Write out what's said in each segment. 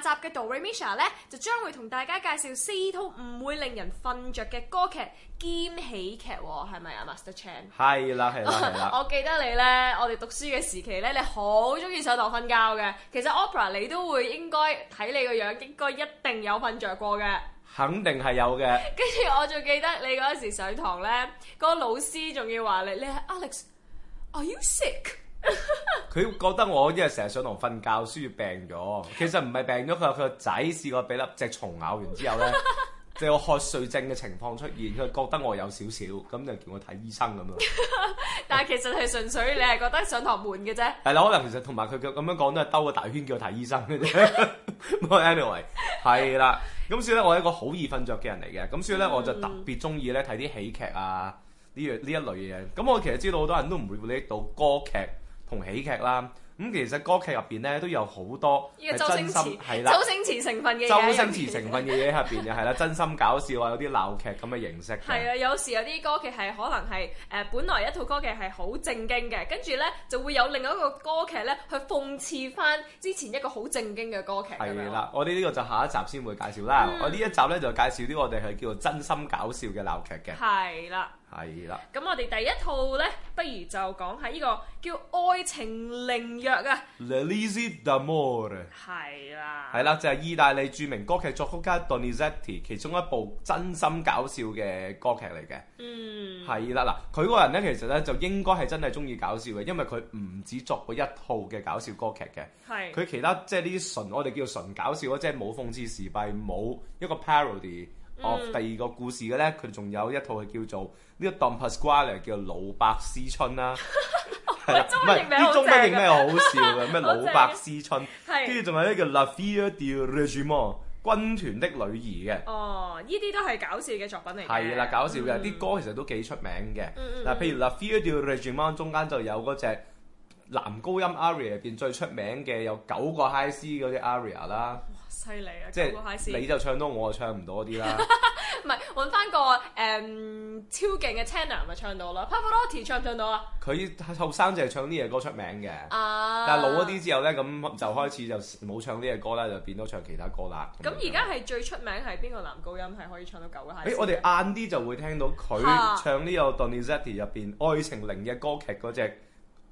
集嘅杜瑞米莎咧，就將會同大家介紹四套唔會令人瞓着嘅歌劇兼喜劇，哦，係咪啊？Master Chan 係啦，係啦，是的 我記得你咧，我哋讀書嘅時期咧，你好中意上堂瞓覺嘅。其實 Opera 你都會應該睇你個樣，應該一定有瞓着過嘅。肯定係有嘅。跟住 我仲記得你嗰時上堂咧，嗰、嗰個老師仲要話你，你係 Alex，Are you sick？佢 覺得我因為成日上堂瞓覺，所以病咗。其實唔係病咗，佢話佢個仔試過俾粒隻蟲咬完之後咧， 就有瞌睡症嘅情況出現。佢覺得我有少少，咁就叫我睇醫生咁啊。 但係其實係純粹你係覺得上堂悶嘅啫。係啦，可能其實同埋佢咁樣講都係兜個大圈叫我睇醫生嘅啫。 Anyway，係啦。咁所以咧，我係一個好易瞓着嘅人嚟嘅。咁所以咧，我就特別中意咧睇啲喜劇啊呢樣呢一類嘢。咁我其實知道好多人都唔會理到歌劇。同喜劇啦，咁其實歌劇入面咧都有好多係真心呢個周星馳係啦，周星馳成分嘅，周星馳成分嘅嘢入面就係 啦，真心搞笑啊，有啲鬧劇咁嘅形式。係啊，有時有啲歌劇係可能係、呃、本來一套歌劇係好正經嘅，跟住咧就會有另外一個歌劇咧去諷刺翻之前一個好正經嘅歌劇。係啦，我哋呢個就下一集先會介紹啦。嗯、我呢一集咧就介紹啲我哋係叫做真心搞笑嘅鬧劇嘅。係啦。係啦，咁是我哋第一套呢，不如就講下呢個叫《愛情靈藥》啊，《L'elisir d'amore》係啦，係啦，就係、是、意大利著名歌劇作曲家 Donizetti 其中一部真心搞笑嘅歌劇嚟嘅。嗯，係啦，嗱，佢個人呢，其實呢，就應該係真係中意搞笑嘅，因為佢唔止作過一套嘅搞笑歌劇嘅。係是，佢其他即係呢啲純，我哋叫純搞笑，即係冇諷刺時弊，冇一個 parody。哦，第二個故事嘅咧，佢仲有一套係叫做呢個 Don Pasquale 叫老伯思春啦，係啦，唔係啲中文名好笑嘅咩？老伯思春，跟住仲有呢叫 La Fille du Régiment 軍團的女兒嘅，哦，呢啲都係搞笑嘅作品嚟，係啦，搞笑嘅啲歌其實都幾出名嘅，嗱，譬如 La Fille du Régiment 中間就有嗰隻男高音 aria 入邊最出名嘅有九個 high C 嗰啲 aria 啦。犀利啊！即係是你就唱到， 我啊唱唔到啲啦。唔係揾翻個誒超勁嘅 tenor 咪唱到咯，Pavarotti 唱唔唱到啊？佢後生就係唱呢隻歌出名嘅，啊、但係老咗啲之後咧，咁就開始就冇唱呢隻歌啦，就變咗唱其他歌啦。咁而家係最出名係邊個男高音係可以唱到九個 high、欸、我哋晏啲就會聽到佢唱呢個《Donizetti》入邊愛情靈嘅歌劇嗰隻。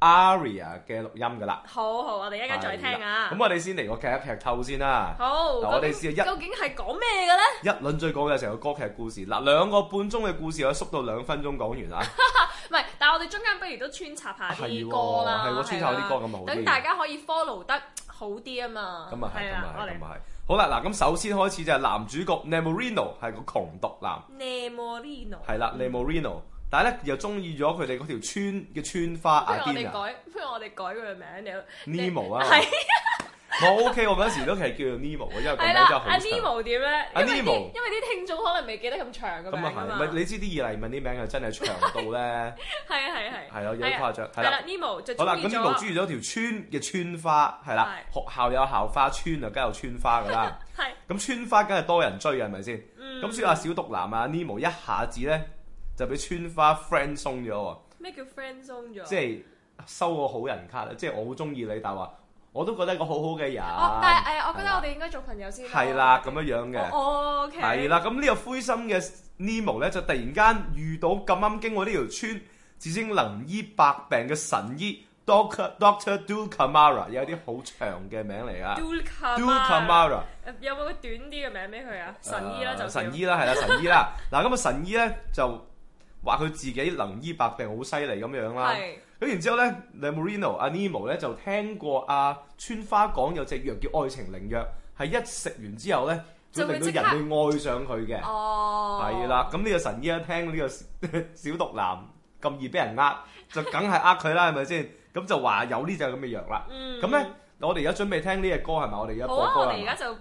Aria 嘅錄音噶啦，好好，我哋一間再聽啊。咁我哋先嚟個劇一劇透先啦。好，嗱，我哋試下一究竟係講咩嘅呢？一輪最講嘅就成個歌劇故事，嗱兩個半鐘嘅故事，我縮到兩分鐘講完啦。唔係，但係我哋中間不如都穿插下啲歌啦，係我穿插下啲歌咁，等大家可以 follow 得好啲啊嘛。咁啊係，咁啊係，咁啊係。好啦，嗱，咁首先開始就係男主角 Nemorino 係個窮毒男。Nemorino 係啦，Nemorino。但係咧又中意咗佢哋嗰條村嘅村花阿堅改，不如我哋改佢嘅名 Nemo 啊！係啊，我 OK，我嗰時都其實叫做 Nemo 嘅，因為個名真係好。阿 Nemo 點咧？阿 Nemo，因為啲聽眾可能未記得咁長嘅。咁啊係，唔你知啲二嚟問啲名係真係長度咧？係啊係啊係！啊有啲誇張。係啦，Nemo 好啦，咁 Nemo 中意咗條村嘅村花，係啦，學校有校花，村啊梗有村花噶啦。係。咁村花梗係多人追嘅，係咪先？咁所以阿小毒男啊，Nemo 一下子咧～就俾村花 friend 送咗喎。咩叫 friend 送咗？即係收個好人卡咧，即係我好中意你，但係話我都覺得一個好好嘅人。但係誒，我覺得我哋吧應該做朋友先。係啦、啊，咁、啊、樣樣嘅。O K、哦。係、okay、啦，咁呢、啊、個灰心嘅 Nemo 咧，就突然間遇到咁啱經過呢條村，自稱能醫百病嘅神醫 Doctor Doctor Dulcamara，有啲好長嘅名嚟㗎。Dulcamara。有冇個短啲嘅名俾佢、呃、啊？神醫啦就。 神醫啦，係啦，神醫啦。嗱，咁啊神醫咧就。話佢自己能醫百病好犀利咁樣啦，咁是然之後 Nemorino、Animo 呢，就聽過阿、啊、村花講有隻藥叫愛情靈藥，係一食完之後呢，就會令到人哋愛上佢嘅，係啦。咁呢個神醫一聽呢個小、小毒男咁易俾人呃，就梗係呃佢啦，係咪先？咁就話有呢隻咁嘅藥啦。咁、嗯、呢，我哋而家準備聽呢隻歌係咪？我哋而家播歌啦。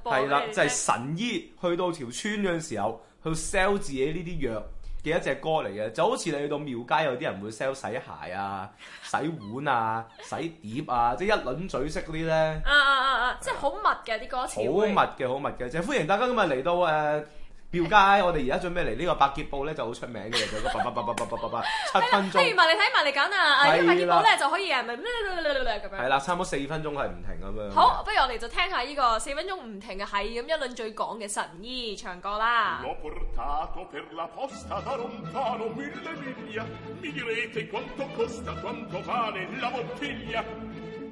係啦、啊，就係神醫去到條村嘅時候，去 sell 自己呢啲藥。嘅一隻歌嚟嘅，就好似你去到廟街有啲人會 sell 洗鞋啊、洗碗啊、洗碟啊，即係、啊就是、一輪嘴式嗰啲咧。啊啊啊啊！嗯、即係好密嘅啲歌詞。好密嘅，好密嘅，就歡迎大家今日嚟到誒。呃廟街，我哋而家準備嚟呢個百潔布咧，就好出名嘅，就個八八八八八八八八七分鐘。睇埋嚟睇埋嚟，講啊，呢個百潔布咧就可以啊，咪、嗯、咁、嗯嗯嗯、樣。係啦，差唔多四分鐘係唔停咁好樣。好，不如我哋就聽下呢個四分鐘唔停嘅係咁一輪最講嘅神醫唱歌啦。我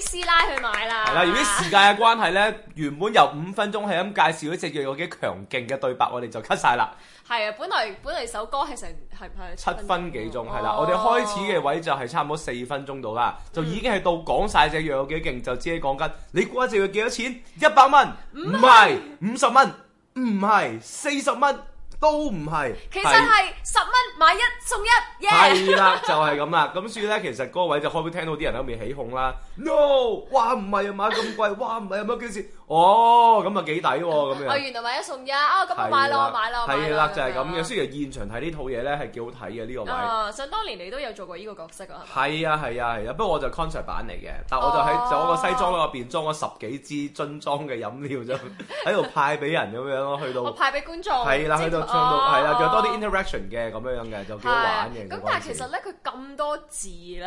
師奶去買啦，係啦，由於時間嘅關係呢， 原本由五分鐘係咁介紹嗰隻藥有幾強勁嘅對白，我哋就 cut 晒啦。係啊，本來本來首歌係成係係七分幾鐘，係啦，哦、我哋開始嘅位置就係差唔多四分鐘到啦，就已經係到講晒隻藥有幾勁，就只係講緊你估吓隻藥幾多錢，一百蚊，唔係五十蚊，唔係四十蚊。都唔係，其實係十蚊買一送一，係啦的， 就係咁啦。咁所以咧，其實嗰位就可會聽到啲人喺裏面起哄啦。No，哇唔係啊，買咁貴，哇唔係啊，乜件事？哦，咁啊幾抵喎，咁樣。我原來買一送一，啊咁我買啦，我買啦。係啦，就係咁嘅。雖然現場睇呢套嘢咧係幾好睇嘅呢個位。啊，想當年你都有做過呢個角色啊？係啊，係啊，係啊。不過我就 concert 版嚟嘅，但我就喺就我個西裝嗰個邊裝咗十幾支樽裝嘅飲料就喺度派俾人咁樣咯。去到我派俾觀眾。係啦，去到，唱到係啦，仲多啲 interaction 嘅咁樣嘅，就幾好玩嘅。咁但係其實咧，佢咁多字咧，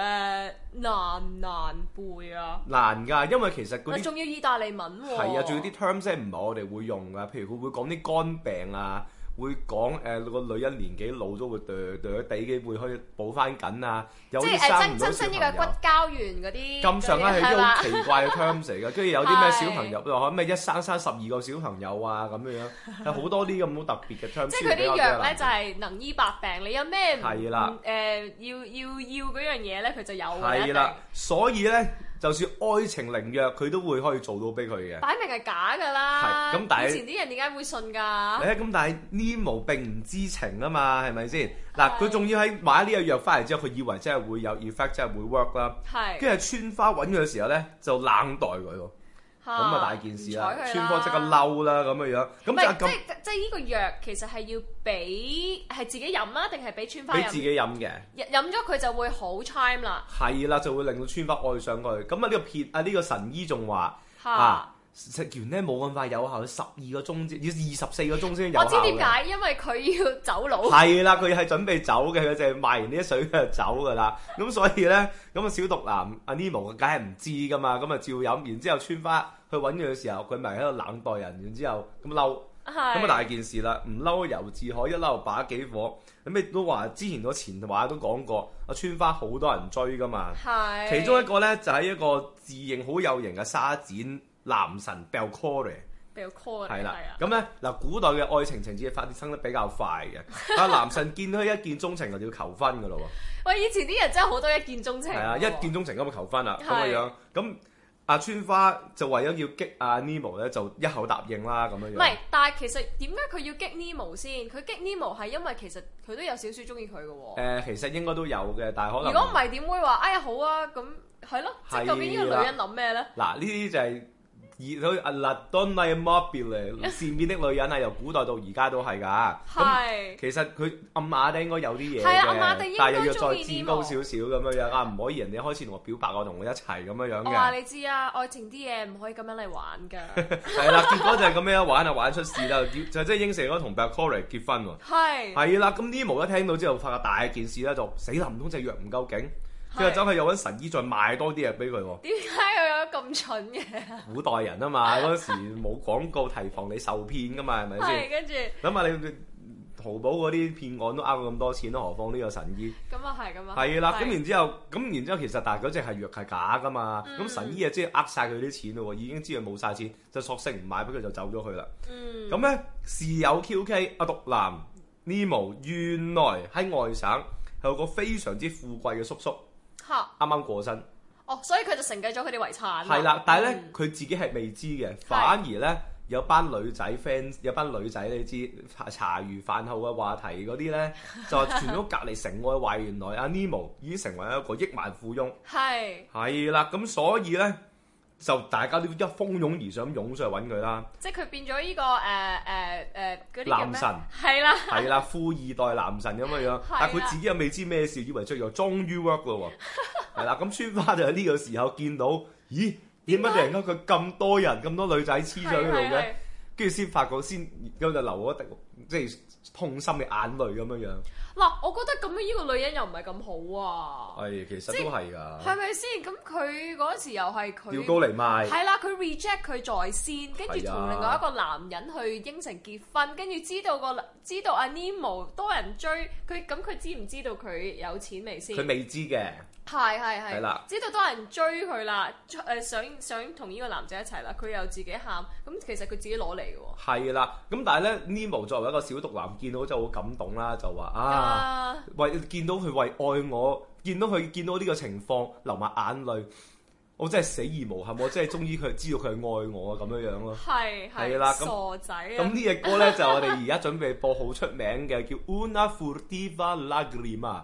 難難背啊！難㗎，因為其實佢。啲仲要意大利文喎。仲有啲 term 先唔係我哋會用噶，譬如佢會講啲肝病啊，會講誒個女人年紀老咗會掉掉啲地基，會可以補翻緊啊。有啲生唔到小朋友。骨膠原嗰啲。咁上下係好奇怪嘅 term 嚟嘅，跟住有啲咩小朋友咯？可咩一生生十二個小朋友啊？咁樣樣有好多啲咁好特別嘅 term。即係佢啲藥咧，就係能醫百病。你有咩係啦？誒要要要嗰樣嘢咧，佢就有。係啦，所以咧。就算愛情靈藥，佢都會可以做到俾佢嘅，擺明係假㗎啦。咁但係以前啲人點解會信㗎？誒咁但係 Nemo 並唔知情啊嘛，係咪先？嗱是，佢仲要喺買呢個藥翻嚟之後，佢以為真係會有 effect，真係會 work 啦。係是，跟住穿花揾佢嘅時候咧，就冷待佢喎。咁啊就大件事啦，穿花即刻嬲啦咁嘅樣，咁就即即呢個藥其實係要俾係自己飲啦、啊，定係俾穿花？俾自己飲嘅，飲咗佢就會好 time 啦。係啦，就會令到穿花愛上佢。咁啊呢個片啊呢個神醫仲話吓啊。食完咧冇咁快有效，十二個鐘至要二十四個鐘先有效。我知點解，因為佢要走佬。 係啦，佢係準備走嘅，佢就賣完呢啲水佢就走噶啦。咁所以咧，咁啊小毒男阿 Nemo 梗係唔知噶嘛。咁啊照飲，然之後村花去搵佢嘅時候，佢咪喺度冷待人。然之後咁嬲，咁啊大件事啦，唔嬲由自可一嬲把幾火。咁你都話之前個前話都講過，阿村花好多人追噶嘛。係是，其中一個咧就係、是、一個自認好有型嘅沙展。男神 Belcore，Belcore，係啦。咁咧，嗱古代嘅愛情情節發展得比較快嘅，阿 男神見到佢一見鍾情就要求婚噶咯喎。喂，以前啲人真係好多一見鍾情，係啊，一見鍾情咁就要求婚啦，咁樣的樣。咁阿、啊、村花就為咗要激阿、啊、Nemo 咧，就一口答應啦，咁樣。唔係，但係其實點解佢要激 Nemo 先？佢激 Nemo 係因為其實佢都有少少中意佢嘅喎。誒，其實應該都有嘅，但係可能如果唔係，點會話？哎呀，好啊，咁係咯，是是的即係究竟呢個女人諗咩咧？嗱、啊，呢啲就係、是。而佢阿立多咪阿摩別咧，善變的女人係由古代到而家都係㗎。咁其實佢暗碼咧，應該有啲嘢嘅，但係若再次高少少咁樣樣啊，唔、啊、可以人哋開始同我表白我，我同佢一齊咁樣樣嘅。我話你知啊，愛情啲嘢唔可以咁樣嚟玩㗎。係 啦， 結果就係咁樣一玩啊玩出事啦， 就即、是、應承咗同 b a c o 結婚喎。係啦是，咁 l 一聽到之後發個大件事咧，就死啦，唔通隻藥唔夠勁？佢又走去有位神醫，再賣多啲嘢俾佢喎。點解又有咁蠢嘅？古代人啊嘛，嗰時冇廣告提防你受騙噶嘛，係咪先？係跟住諗下你淘寶嗰啲騙案都呃咁多錢咯，何況呢個神醫咁啊？係咁啊！係啦，咁然之後咁然之後，其實但係嗰隻係藥係假噶嘛。咁神醫啊，即係呃晒佢啲錢咯，已經知佢冇晒錢，就索性唔買，俾佢就走咗去啦。嗯，咁咧事有蹊蹺，阿毒男 Nemo 原來喺外省係有個非常之富貴嘅叔叔。啱啱過身，哦，所以佢就承繼咗佢哋遺產。係啦，但係咧，佢、嗯、自己係未知嘅，反而咧有班女仔 friend 有班女仔你知茶茶餘飯後嘅話題嗰啲咧，就話傳到隔離城外，話 原來阿 Nemo 已經成為一個億萬富翁。係係啦，咁所以咧。就大家都一蜂擁而上咁湧出去揾佢啦，即係佢變咗呢個誒誒誒嗰啲男神，係啦係啦，富二代男神咁樣樣，但係佢自己又未知咩事，以為最後終於 work 咯喎，係啦咁。村花就喺呢個時候見到，咦，點解突然間佢咁多人咁多女仔黐咗喺度嘅？跟住先發覺先，咁就流咗一滴即係痛心嘅眼淚咁樣樣。嗱，我覺得咁樣呢個女人又唔係咁好啊。係，其實都係㗎。係咪先？咁佢嗰時又係佢吊高嚟賣。係啦，佢 reject 佢在先，跟住同另外一個男人去應承結婚，跟住是的 知道個知道阿 Nemo 多人追佢，咁佢知唔知道佢有錢未先？佢未知嘅。係係係，的知道多人追佢啦，誒想想同呢個男仔一齊啦，佢又自己喊，咁其實佢自己攞嚟嘅喎。係啦，咁但係咧，Nemo 作為一個小毒男，見到就好感動啦，就話啊，啊為見到佢為愛我，見到佢見到呢個情況流埋眼淚，我真係死而無憾，我真係終於佢知道佢愛我啊咁 樣樣咯。係係啦，的傻仔咁、啊、呢隻歌咧就我哋而家準備播好出名嘅， 叫 Una Furtiva Lagrima。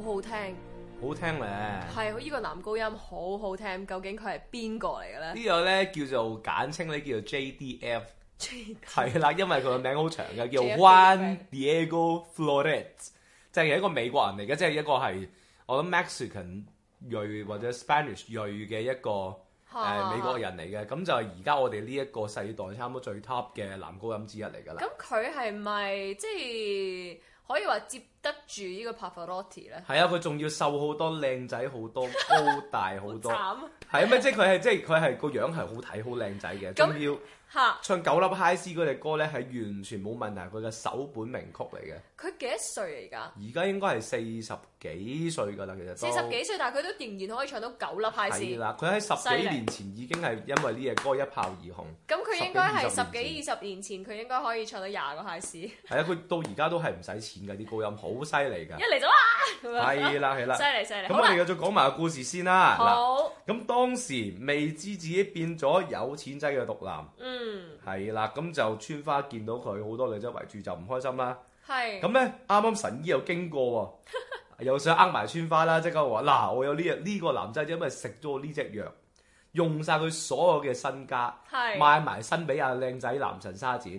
好好聽，好聽咧，係呢、這個男高音好好聽，究竟佢係邊個嚟嘅咧？呢個咧叫做簡稱，你叫做 JDF，係啦，因為佢個名好長嘅，叫 Juan Diego Florez 即係一個美國人嚟嘅，即、就、係、是、一個係我諗 Mexican 裔，或者 Spanish 裔嘅一個誒美國人嚟嘅，咁 就係而家我哋呢一個世代差唔多最 top 嘅男高音之一嚟噶啦。咁佢係咪即係？就是可以話接得住這個呢個帕凡洛蒂咧？係啊，佢仲要瘦好多，靚仔好多，高大好多。好 慘啊，啊！係啊，咩即係佢係即係佢係個樣係好睇，好靚仔嘅。仲那要嚇唱九粒 high C 嗰隻歌咧，係完全冇問題，佢嘅首本名曲嚟嘅。佢幾多歲嚟㗎？而而家應該係四十幾歲㗎啦，其實。四十幾歲，但係佢都仍然可以唱到九粒 high C。係啊，佢喺十幾年前已經係因為呢隻歌一炮而紅。害應該係十幾二十年前，佢應該可以唱到廿個海嘯。係 啊，佢到而家都係唔使錢㗎啲高音，好犀利㗎。一嚟就啦。係啦，係啦。犀利犀利。咁我哋繼續講埋個故事先啦。好。咁當時未知自己變咗有錢仔嘅毒男。嗯。係啦，咁就村花見到佢好多女仔圍住就唔開心啦。係是。咁咧啱啱神醫又經過喎， 又想呃埋村花啦，即刻話：嗱，我有呢日呢個男仔，因為食咗呢隻藥。用晒佢所有嘅身家是賣埋身俾阿靚仔男神沙展，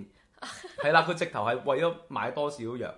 係啦， 佢直頭係為咗買多少藥，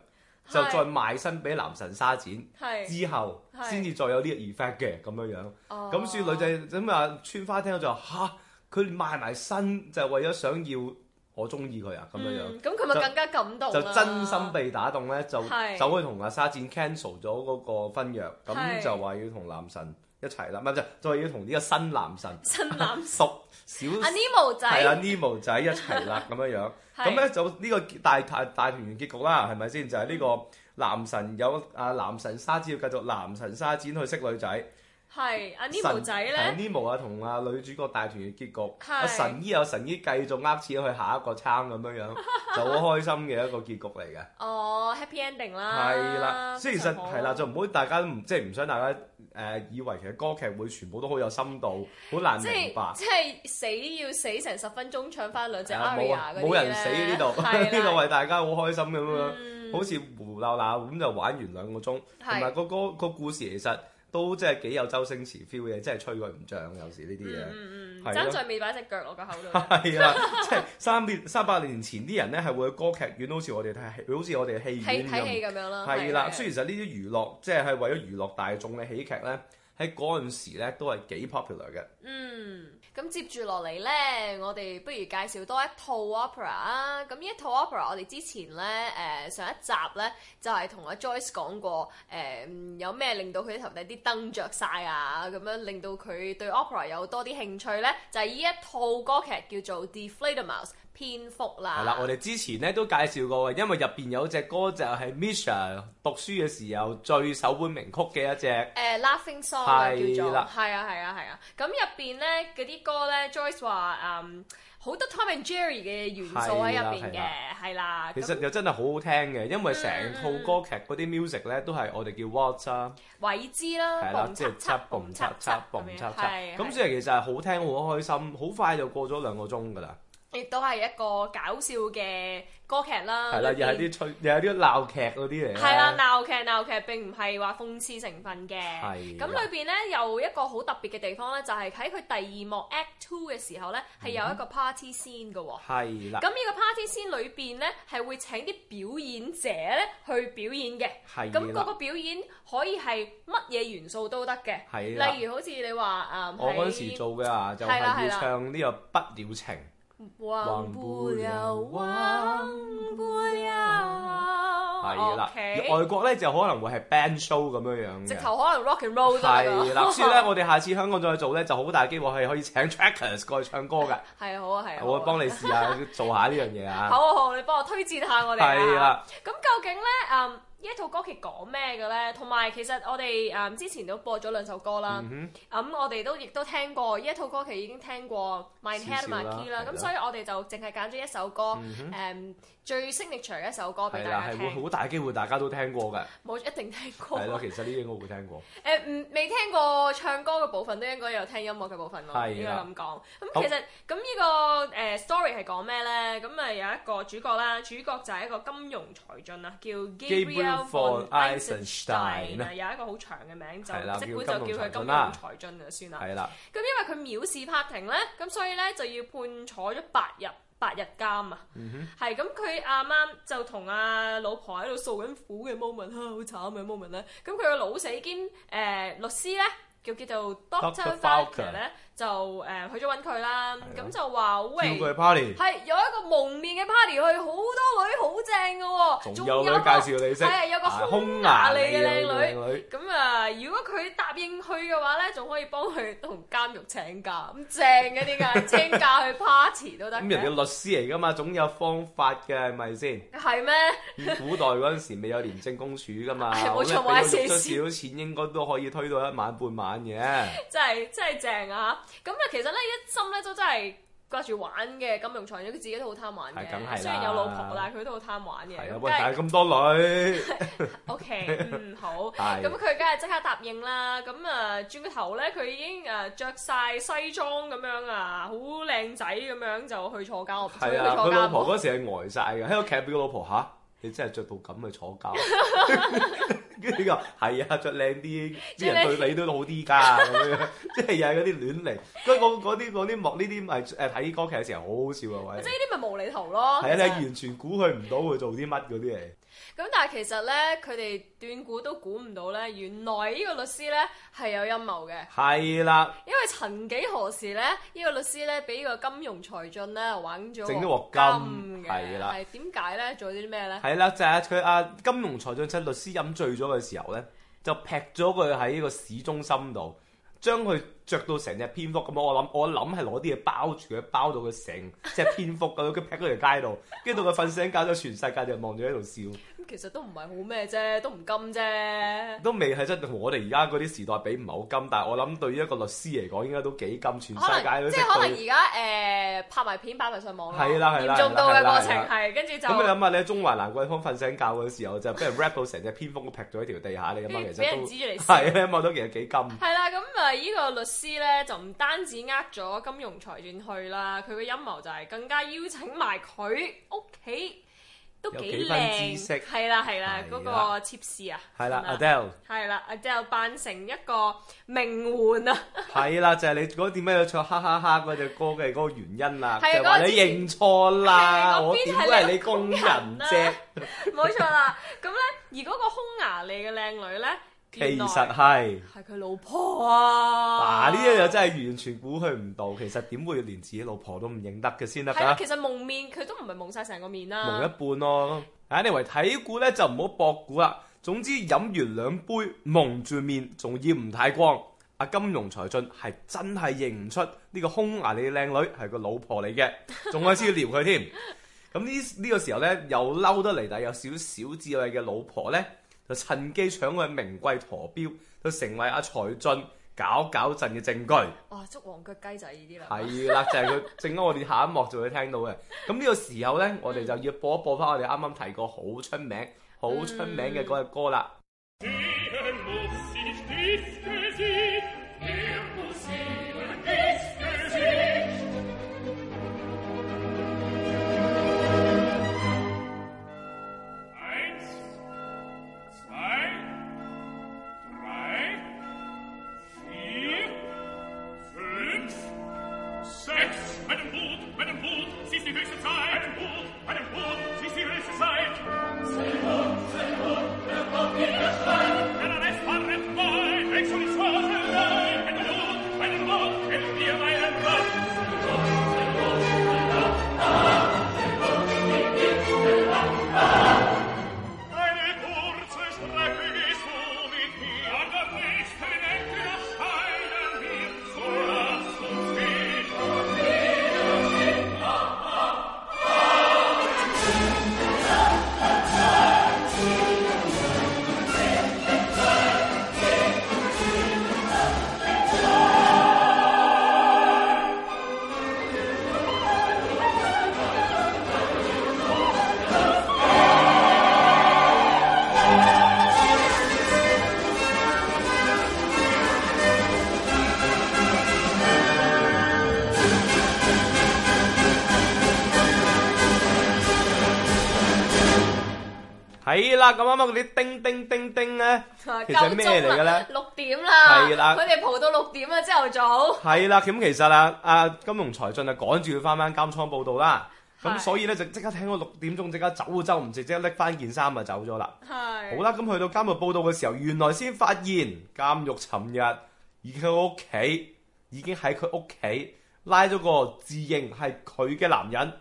是就再賣身俾男神沙展，是之後先至再有呢個 effect 嘅咁樣樣。咁、哦、所以女仔咁啊，村花聽到就吓，佢賣埋身就係為咗想要我中意佢啊咁樣樣。咁佢咪更加感動？就真心被打動咧，就走去同阿沙展 cancel 咗嗰個婚約，咁是就話要同男神一齊啦，咪就再要同呢個新男神、新男神 熟小 Anemo 仔，係啊 Anemo 仔一齊啦，咁樣 樣，咁咧是就呢個大團大團圓結局啦，係咪先？就係、是、呢個男神有啊男神沙子要繼續男神沙子去識女仔。係阿 Nemo 仔咧，阿 Nemo 啊同阿女主角大團圓結局。阿神醫有神醫繼續呃錢去下一個餐咁樣樣，就好開心嘅一個結局嚟嘅。哦，happy ending 啦，係啦，即係其實係啦，就唔好大家即係唔想大家誒以為其實歌劇會全部都好有深度，好難明白。即係死要死成十分鐘，唱翻兩隻 aria 嗰啲咧。冇人死呢度，呢度為大家好開心咁樣，好似胡鬧鬧咁就玩完兩個鐘，同埋個個故事其實。都即係幾有周星馳 feel 嘅，真係吹佢唔漲，有時呢啲嘢。嗯嗯。真爭在未擺隻腳落個口度。係啦 即係三年三百年前啲人咧，係會去歌劇院，好似我哋睇，好似我哋戲院。睇睇戲咁樣係啦，雖然其實呢啲娛樂，即係係為咗娛樂大眾嘅喜劇咧。喺嗰陣時咧，都係幾 popular 嘅。嗯，咁接住落嚟咧，我哋不如介紹多一套 opera 啊。咁呢一套 opera，我哋之前咧，誒、呃、上一集咧就係、是、同阿 Joyce 講過誒、呃、有咩令到佢頭頂啲燈着晒啊，咁樣令到佢對 opera 有多啲興趣咧，就係、是、呢一套歌劇叫做《Die Fledermaus》蝙蝠啦。係啦，我哋之前咧都介紹過，嘅，因為入邊有隻歌就係 Michelle 讀書嘅時候最首本名曲嘅一隻誒 Laughing Song。呃 係，叫做啦，係啊，係啊，係啊。咁入邊咧嗰啲歌咧，Joyce 話誒好多 Tom and Jerry 嘅元素喺入邊嘅，係啦。其實又真係好好聽嘅，因為成套歌劇嗰啲 music 咧都係我哋叫 what 啦，韋之啦，係啦，即係插蹦插插蹦插插，咁所以其實係好聽好開心，好快就過咗兩個鐘㗎啦。亦都係一個搞笑嘅歌劇啦，係啦，又係啲吹，又係啲鬧劇嗰啲嚟嘅。係啦，鬧劇鬧劇並唔係話諷刺成分嘅。係。咁裏邊咧有一個好特別嘅地方咧，就係喺佢第二幕 Act Two 嘅時候咧，係有一個 party scene 嘅喎。係啦。咁呢個 party scene 裏邊咧係會請啲表演者咧去表演嘅。係。咁嗰個表演可以係乜嘢元素都得嘅。係例如好似你話誒，我嗰時做嘅啊，就係要唱呢個不了情。忘不，忘不了，忘不了。係啦，外國咧就可能會係 band show 咁樣樣，直頭可能 rock and roll 都得啦。了嗯，所以咧，我哋下次香港再做咧就好大機會係可以請 trackers 過去唱歌噶。係啊，好啊，係啊。我幫你試下做下呢樣嘢啊。 好啊，好，你幫我推薦下我哋係係啦，咁了究竟咧，嗯呢一套歌劇講咩嘅呢？同埋其實我哋、嗯、之前都播咗兩首歌啦，咁、嗯哼嗯、我哋都亦都聽過，呢一套歌劇已經聽過《My Head My Key》啦，咁所以我哋就淨係揀咗一首歌、嗯哼嗯最 signature 嘅一首歌俾大家聽，係會好大機會大家都聽過嘅。冇一定聽過，係咯，其實呢啲應該會聽過、 呃。唔未聽過唱歌嘅部分都應該有聽音樂嘅部分咯。係啦是的，咁、嗯、講。咁好 其實咁、這個呃、呢個誒 story 係講咩咧？咁誒有一個主角啦，主角就係一個金融財俊啦，叫 Gabriel von Eisenstein 有一個好長嘅名字就，即係就叫佢金融財俊就算啦。係啦。咁因為佢藐視法庭咧，咁所以咧就要判坐咗八日。八日監啊，嗯哼，係咁佢啱啱就同阿老婆喺度受緊苦嘅 moment，好慘嘅 moment 呢。咁佢個老死兼誒、呃、律師咧，叫叫做 Doctor Factor、er、咧。Dr. Falcon. 就誒去咗揾佢啦，咁就話好型，係有一個蒙面嘅 party 去，好多女好正嘅喎，仲有介紹你識，係有個匈牙利嘅靚女。女？咁啊，如果佢答應去嘅話咧，仲可以幫佢同監獄請假，咁正嘅點解？請假去 party 都得。咁人哋律師嚟噶嘛，總有方法嘅，係咪先？係咩？古代嗰陣時未有廉政公署噶嘛，冇錯冇錯。落少少錢應該都可以推到一晚半晚嘅，真係真係正啊！咁啊，其實咧一心咧都真係掛住玩嘅，金融財主佢自己都好貪玩嘅。係，梗係啦。雖然有老婆，但係佢都好貪玩嘅。係啊的，咁多女 okay,、嗯。O K，嗯好。咁佢梗係即刻答應啦。咁啊，轉個頭咧，佢已經誒著晒西裝咁樣啊，好靚仔咁樣就去坐監。係啊，佢老婆嗰時係呆晒嘅，喺度 劇表老婆嚇。你真係着到咁去坐教，跟住呢個係啊，着靚啲，啲人對你都好啲㗎，咁樣，即係又係嗰啲亂嚟，跟住嗰嗰啲嗰啲幕呢啲咪誒睇歌劇嘅時候好好笑啊，喂！即係呢啲咪無厘頭咯，係啊，你完全估佢唔到佢做啲乜嗰啲嚟。咁但係其實咧，佢哋斷估都估唔到咧，原來呢個律師咧係有陰謀嘅。係啦的，因為曾幾何時咧，呢、這個律師咧俾個金融財俊咧玩咗。整啲鑊金，係啦。係點解咧？做啲咩咧？係啦，就係佢啊金融財俊趁律師飲醉咗嘅時候咧，就劈咗佢喺呢個市中心度。將佢着到成隻蝙蝠咁，我諗我諗係攞啲嘢包住佢，包到佢成隻蝙蝠咁，佢 劈咗條街度，跟住到佢瞓醒覺就全世界就望住佢喺度笑。其實都唔係好咩啫，都唔金啫。都未係真同我哋而家嗰啲時代比，唔係好金，但係我諗對於一個律師嚟講，應該都幾金，全世界都識，即係可能而家誒，拍埋片擺埋上網，係啦係啦，係嚴重到嘅過程係，跟住著就咁、嗯、你諗下咧，你喺中華蘭桂坊瞓醒覺嗰時候就俾人 rap 到成隻蝙蝠都劈咗喺條地下你咁啊？其實都係啊，諗到其實幾金係。係啦，咁啊呢個律師咧就唔單止呃咗金融財團去啦，佢嘅陰謀就係更加邀請埋佢屋企。都挺漂亮的幾靚，係啦係啦，嗰個妾侍啊，係啦 Adele，係啦 Adele 扮成一個名媛啊，係啦就係、是、你嗰點解要唱哈哈哈嗰隻歌嘅嗰個原因啦，啊，是的就話你認錯啦。是的我如果係你工人啫，啊，冇錯啦。咁咧， 而嗰個匈牙利嘅靚女咧。其實係係佢老婆啊！嗱呢樣又真係完全估佢唔到，其實點會連自己老婆都唔認得嘅先得㗎？係其實蒙面佢都唔係蒙晒成個面啦，蒙一半咯。啊、anyway，你為睇估咧就唔好博估啦。總之飲完兩杯蒙住面，仲要唔太光。阿金融才俊係真係認唔出呢、這個匈牙利靚女係個老婆嚟嘅，仲開始要撩佢添。咁呢呢個時候咧又嬲得嚟，但有少少智慧嘅老婆咧。就趁機搶佢名貴陀錶，都成為阿財進搞搞震嘅證據。哇！捉黃腳雞仔呢啲啦，係啦，就係佢正，我哋下一幕就會聽到嘅。咁呢個時候咧，我哋就要播一播翻我哋啱啱提過好出名、好出名嘅嗰隻歌啦。咁啱啱嗰啲叮叮叮叮咧，其實係咩嚟嘅咧？六點啦，係啦的，佢哋蒲到六點啦，朝頭早。係啦，咁其實啊，阿金融財進啊，趕住要翻翻監倉報道啦。咁是的 所以咧，就即刻聽到六點鐘，即刻走嘅唔直即刻拎翻件衫就走咗啦。是的 好啦，咁、嗯、去到監倉報道嘅時候，原來先發現監倉尋日而佢屋企已經喺佢屋企拉咗個自認係佢嘅男人。的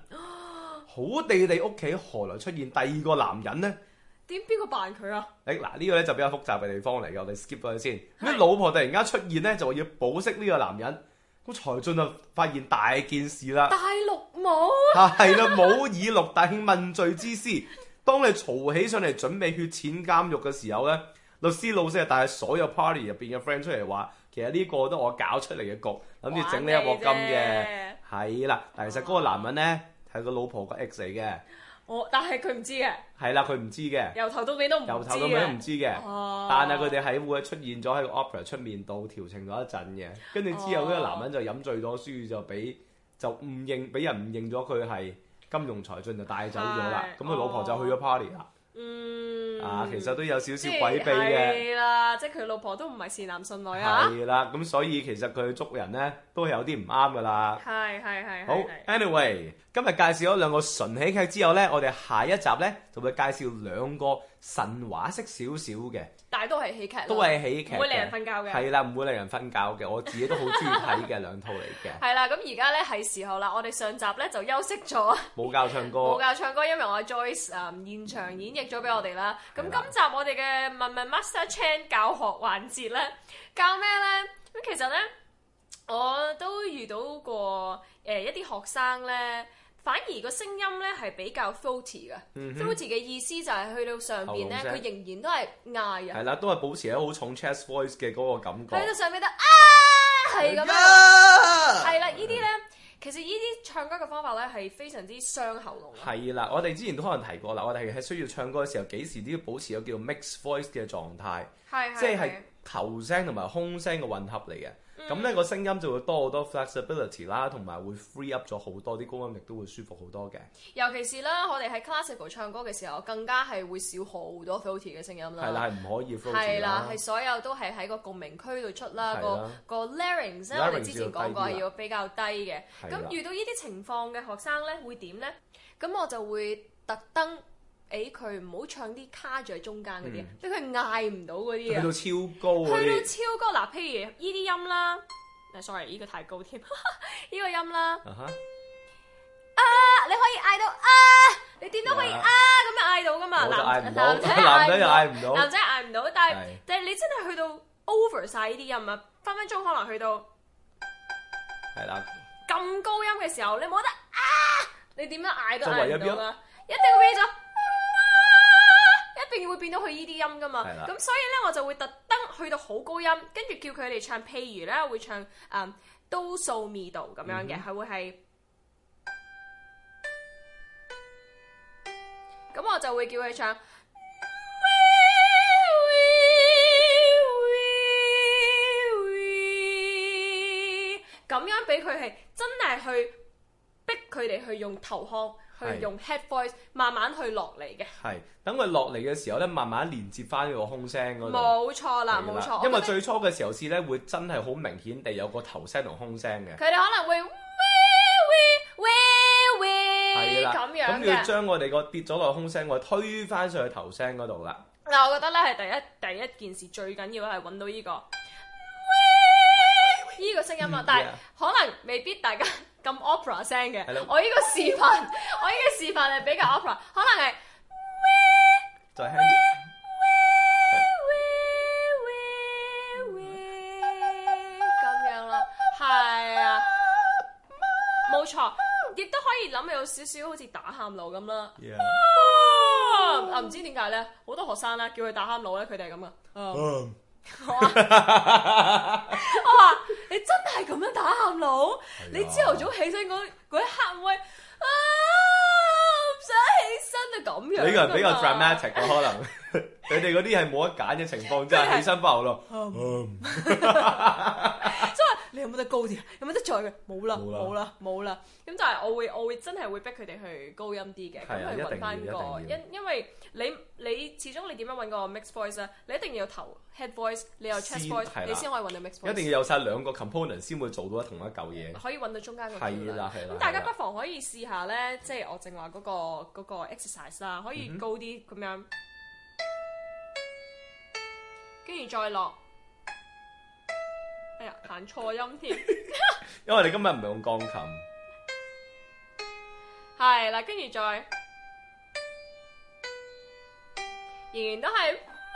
好地地屋企何來出現第二個男人咧？點邊個扮佢啊？誒，嗱，呢個咧就比較複雜嘅地方嚟嘅，我哋 skip 咗佢先。咁老婆突然間出現呢，就話要保釋呢個男人，咁財俊就發現大件事啦。大陸冇，係啦，冇以六大興問罪之師。 當你嘈起上嚟，準備去錢監獄嘅時候呢，律師老細帶所有 party 入邊嘅 friend 出嚟話，其實呢個都我搞出嚟嘅局，諗住整呢一鑊金嘅，係啦。但其實嗰個男人呢，係個老婆個 x 嚟嘅。哦，但係佢唔知嘅，係啦，佢唔知嘅，由頭到尾都唔知嘅。但係佢哋喺會出現咗喺個 opera 出面度調情咗一陣嘅，跟住之後嗰個男人就飲醉咗，輸就俾就誤認俾人誤認咗佢係金融財俊，就帶走咗啦。咁佢的老婆就去咗 party 啦。哦。嗯，啊，其實都有少少詭秘嘅，係啦，即係佢老婆都唔係善男信女啊，係啦，咁所以其實佢捉人呢，都係有啲唔啱噶啦，係係係，好的，anyway，今日介紹咗兩個純喜劇之後呢，我哋下一集呢，就會介紹兩個神話式少少嘅。都係喜劇，唔會令人瞓覺嘅。係啦，唔會令人瞓覺嘅。我自己都好中意睇嘅兩套嚟嘅。係啦，咁而家咧係時候啦，我哋上集咧就休息咗，冇教唱歌，冇教唱歌，因為我 Joyce 啊現場演繹咗俾我哋啦。咁今集我哋嘅問問 Master Chan 教學環節咧，教咩咧？咁其實咧我都遇到過誒一啲學生咧。.反而個聲音咧係比較 fuzzy 嘅，fuzzy 嘅意思就係、是、去到上邊咧，佢仍然都係嗌啊，係啦，都係保持喺好重 chest voice 嘅嗰個感覺。喺到上邊都啊，係咁樣，係啦，呢啲咧，其實呢啲唱歌嘅方法咧係非常之傷喉嚨。係啦，我哋之前都可能提過啦，我哋係需要唱歌嘅時候，幾時都要保持個叫 mix voice 嘅狀態，係即係頭聲同埋胸聲嘅混合嚟嘅。咁呢個聲音就會多好多 flexibility 啦，同埋會 free up 咗好多啲高音，亦都會舒服好多嘅。尤其是啦，我哋喺 classical 唱歌嘅時候，更加係會少好多 faulty 嘅聲音啦。係啦，係唔可以 faulty 嘅。係啦，係所有都係喺個共鳴區度出啦，個個 larynx 啦。larynx 我哋之前講過係要比較低嘅。咁遇到呢啲情況嘅學生咧，會點咧？咁我就會特登。誒佢唔好唱啲卡住喺中間嗰啲，即係佢嗌唔到嗰啲啊！去到超高啊！去到超高嗱，譬如呢啲音啦，誒 sorry 呢個太高添，呢個音啦，啊你可以嗌到啊，你點都可以啊咁樣嗌到噶嘛？男男仔嗌唔到，男仔嗌唔到，但係但係你真係去到 over 曬呢啲音啊，分分鐘可能去到係啦咁高音嘅時候，你冇得啊，你點樣嗌都嗌唔到啦，一定會變咗。會變到佢呢啲音噶嘛？咁所以呢，我就會特登去到好高音，跟住叫佢哋唱。譬如呢，會唱《嗯 Do So Me Do》咁樣嘅，係會係。咁我就會叫佢唱。咁樣俾佢係真係去逼佢哋去用頭腔。係是用 head voice 慢慢去落嚟嘅。係，等佢落嚟嘅時候咧，慢慢連接翻呢個空聲嗰度。冇錯啦，冇錯，因為最初嘅時候試咧，會真係好明顯地有個頭聲同空聲嘅。佢哋可能會係啦。咁樣嘅。咁要將我哋個跌咗個空聲，我推翻上去頭聲嗰度啦。嗱，我覺得咧係第一第一件事最緊要係揾到呢個、呢個。呢個聲音啊，嗯、但係可能未必大家。咁 opera 聲嘅，我呢個示範，我呢個示範係比較 opera，可能係，再輕啲，咁樣咯，係啊，冇錯，亦都可以諗有少少好似打喊路咁啦，啊，唔知點解咧，好多學生咧叫佢打喊路咧，佢哋係咁啊。你真係咁樣打喊路？是啊、你朝頭早起身嗰嗰一刻，喂啊！唔想起身就咁樣。呢個人比較 dramatic 咯，可能，你哋嗰啲係冇得揀嘅情況之下，就是、起身爆咯。Um. 你有冇得高啲？有冇得再嘅？冇啦，冇啦有，冇啦。咁但係我會，我會真係會逼佢哋去高音啲嘅。咁的去揾翻個因，因為你你,你始終你點樣揾個 mix voice 啊？你一定要有頭 head voice，你有 chest voice，先你先可以揾到 mix voice。的一, voice 一定要有晒兩個 component 先會做到同一嚿嘢。可以揾到中間個調。係咁大家不妨可以試下咧，即係我正話嗰個嗰、嗰個 exercise 啦，可以高啲咁、嗯、哼樣，跟住再落。哎呀，彈錯音添，因為你今日唔係用鋼琴，係啦，跟住再，仍然都係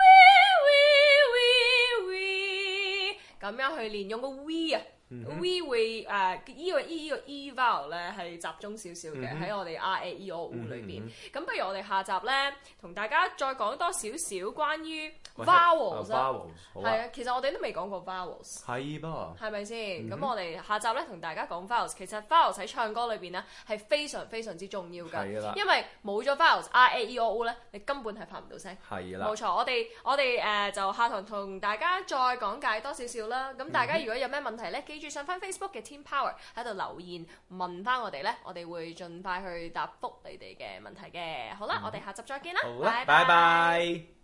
we we we we，咁樣去練用個 we 啊。We 會誒依個依依個 e vowel 咧係集中少少嘅喺我哋 i a e o o 裏邊。咁不如我哋下集咧同大家再講多少少關於 vowel 啫，係啊，其實我哋都未講過 vowel。係 vowel，係咪先？咁我哋下集咧同大家講 vowel。其實 vowel 喺唱歌裏邊咧係非常非常之重要㗎，因為冇咗 vowel i a e o o 咧，你根本係發唔到聲。係啊，冇錯。我哋我哋誒就下堂同大家再講解多少少啦。咁大家如果有咩問題咧，記上翻 Facebook 嘅 Team Power 喺度留言問翻我哋咧，我哋會盡快去答覆你哋嘅問題嘅。好啦，嗯、我哋下集再見啦，拜拜。